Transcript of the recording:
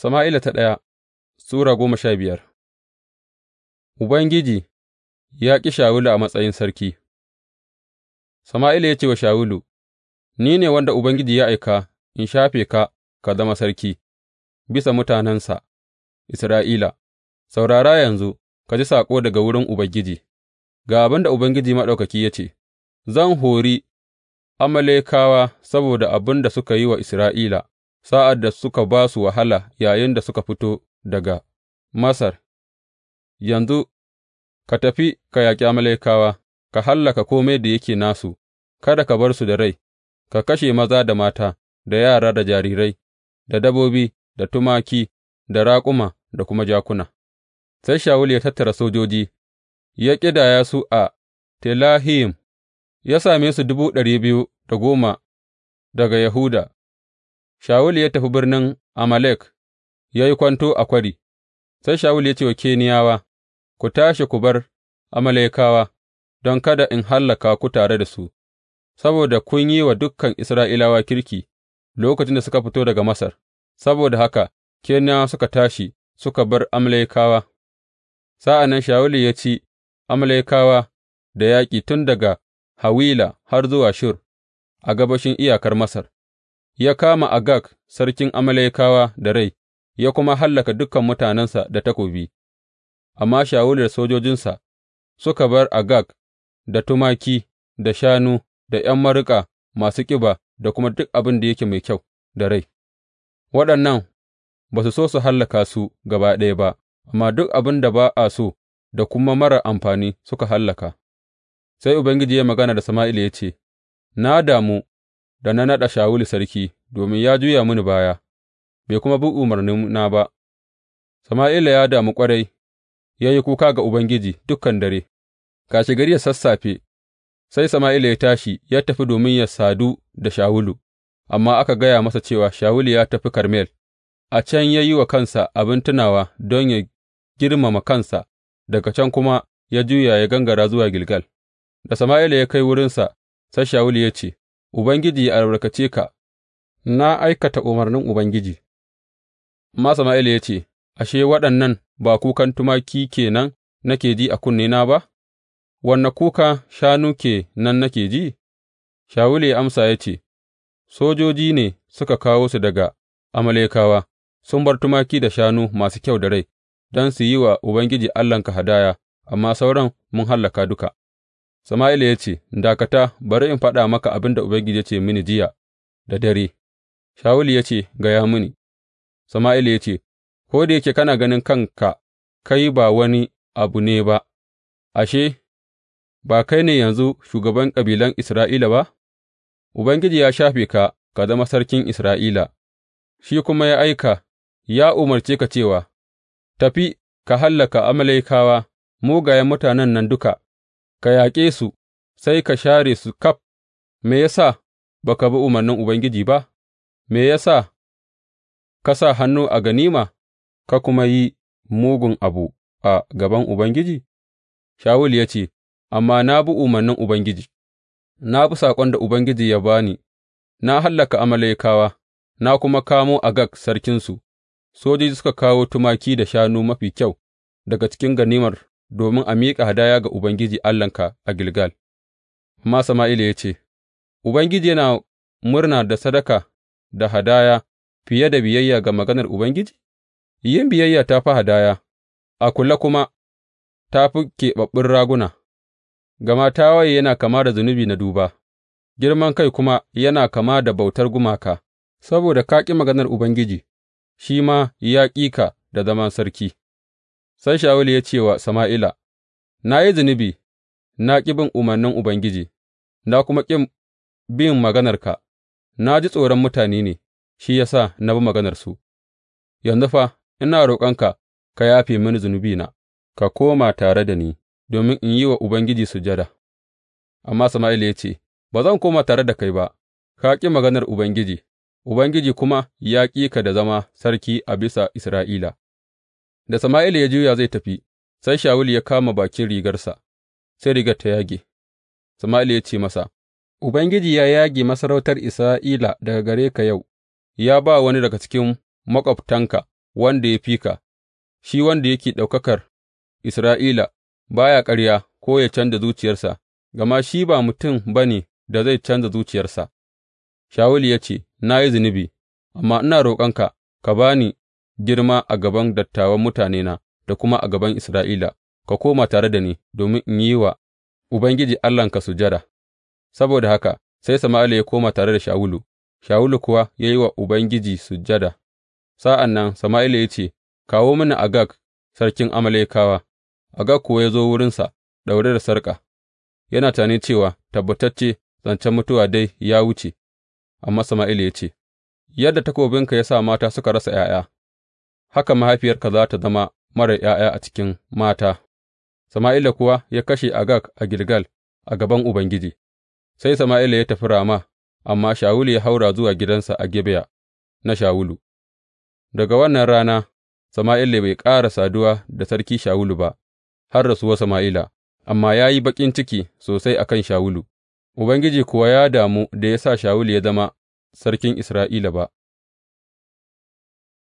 Sama'ila ta ɗaya Sura goma sha biyar Ubangiji ya ƙi Shawulu a matsayin sarki Sama'ila ya ce wa Shawulu, Ni ne wanda Ubangiji ya aika in shafe ka ka zama sarki bisa mutanensa Isra'ila, saurara yanzu ka ji saƙo daga wurin Ubangiji, ga abin da Ubangiji Maɗaukaki ya ce, Zan hori Amalekawa saboda abin da suka yi wa Isra'ila. sa'ad da suka ba su wahala yayinda suka fito daga Masar, yanzu ka tafi ka yaƙi Amalekawa, ka hallaka kome da yake nasu, kada ka bar su da rai, ka kashe maza da mata, da yara da jarirai, da dabobi, da tumaki, da raƙuma, da kuma jakuna. Sai Shawulu ya tattara sojoji, ya ƙidaya su a Telahim, ya same su dubu ɗari biyu da goma daga Yahuda, Shawulu ya tafi birnin Amalek ya yi kwanto a kwari, sai Shawulu ya ce wa Keniyawa, Ku tashi ku bar Amalekawa, don kada in hallaka ku tare da su, saboda kun yi wa dukan Isra'ilawa kirki lokacin da suka fito daga Masar, saboda haka Keniyawa suka tashi suka bar Amalekawa. Sa'an nan Shawulu ya ci Amalekawa da yaƙi tun daga Hawila har zuwa Shur a gabashin iyakar Masar. ya kama Agag sarkin Amalekawa da rai, ya kuma hallaka dukan mutanensa da takobi, amma Shawulu da sojojinsa suka bar Agag da tumaki, da shanu, da ’yan maruƙa masu ƙiba, da kuma duk abin da yake mai kyau da rai. Waɗannan ba su so su hallaka su gaba ɗaya ba, amma duk abin da ba a so da kuma marar amfani suka hallaka. Sai Ubangiji ya magana da Sama'ila ya ce, Na damu da na naɗa Shawulu sarki, domin ya juya mini baya, bai kuma bi umarnina ba, Sama'ila ya damu ƙwarai, ya yi kuka ga Ubangiji dukan dare, gari ya sassafe, sai Sama'ila ya tashi ya tafi domin ya sadu da Shawulu, amma aka gaya masa cewa Shawulu ya tafi Karmel, a can ya yi wa kansa abin tunawa don ya girmama kansa, daga can kuma ya juya ya gangara zuwa Gilgal. Da Sama'ila ya kai wurinsa, sai Shawulu ya ce, Ubangiji ya albarkace ka, na aikata umarnin Ubangiji. Amma Sama'ila ya ce, Ashe, waɗannan ba kukan tumaki ke nan nake ji a kunnena ba, wanne kuka shanu ke nan nake ji? Shawulu ya amsa ya ce, Sojoji ne suka kawo su daga Amalekawa, sun bar tumaki da shanu masu kyau da rai don su yi wa Ubangiji Allahnka hadaya, amma sauran mun hallaka duka. Sama'ila ya ce, Dakata, bari in faɗa maka abin da Ubangiji ya ce mini jiya da dare, Shawulu ya ce, Gaya mini, Sama'ila ya ce, Ko da yake kana ganin kanka kai ba wani abu ne ba, ashe, ba kai ne yanzu shugaban kabilan Isra'ila ba? Ubangiji ya shafe ka ka zama sarkin Isra'ila, shi kuma ya aika, ya umarce ka cewa, Tafi ka hallaka Amalekawa, mugayen mutanen nan duka. ka yaƙe su, sai ka share su kaf, me ya sa ba ka bi umarnin Ubangiji ba, me ya sa ka sa hannu a ganima, ka kuma yi mugun abu a gaban Ubangiji? Shawulu ya ce, Amma na bi umarnin Ubangiji, na bi saƙon da Ubangiji ya bani. ni, na hallaka Amalekawa, na kuma kamo Agag sarkinsu, sojoji suka kawo tumaki da shanu mafi kyau daga cikin ganimar domin a miƙa hadaya ga Ubangiji Allahnka a Gilgal. Amma Sama'ila ya ce, Ubangiji yana murna da sadaka da hadaya fiye da biyayya ga maganar Ubangiji? Yin biyayya ta fi hadaya, a kula kuma ta fi keɓaɓɓun raguna, gama tawaye yana kama da zunubi na duba, girman kai kuma yana kama da bautar gumaka, saboda ka ƙi maganar Ubangiji, shi ma ya ƙi ka da zaman sarki. Sai Shawulu ya ce wa Sama'ila, Na yi zunubi, na ƙi bin umarnin Ubangiji, na kuma ƙi bin maganarka, na ji tsoron mutane ne, shi ya sa na bi maganarsu, yanzu fa ina roƙonka ka yafe mini zunubina, ka koma tare da ni domin in yi wa Ubangiji sujada. Amma Sama'ila ya ce, Ba zan koma tare da kai ba, ka ƙi maganar Ubangiji, Ubangiji kuma ya ƙi ka da zama sarki a bisa Isra'ila. Da Sama'ila ya juya zai tafi, sai Shawulu ya kama bakin rigarsa, sai rigar ta yage. Sama'ila ya ce masa, Ubangiji ya yage masarautar Isra'ila daga gare ka yau, ya ba wani daga cikin maƙwabtanka wanda ya fi ka, shi wanda yake ɗaukakar Isra'ila ba ya ƙarya ko ya canza zuciyarsa, gama shi ba mutum ba ne da zai canza zuciyarsa. Shawulu ya ce, Na yi zunubi, amma ina roƙonka ka ba girma a gaban dattawan mutanena da kuma a gaban Isra'ila, ka koma tare da ni domin in yi wa Ubangiji Allahnka sujada. Saboda haka sai Sama'ila ya koma tare da Shawulu, Shawulu kuwa ya yi wa Ubangiji sujada. Sa'an nan Sama'ila ya ce, Kawo mini Agag, sarkin Amalekawa, Agag kuwa ya zo wurinsa ɗaure da sarƙa, yana tunani cewa tabbatacce zancen mutuwa dai ya wuce, amma Sama'ila ya ce, Yadda takobinka ya sa mata suka rasa ’ya'ya, haka mahaifiyarka za tă zama marar ’ya'ya a cikin mata. Sama'ila kuwa ya kashe Agag a Gilgal a gaban Ubangiji, sai Sama'ila ya tafi Rama, amma Shawulu ya haura zuwa gidansa a Gibeya na Shawulu. Daga wannan rana, Sama'ila bai ƙara saduwa da sarki Shawulu ba, har rasuwar Sama'ila, amma ya yi baƙin ciki sosai a kan Shawulu, Ubangiji kuwa ya damu da ya sa Shawulu ya zama sarkin Isra'ila ba.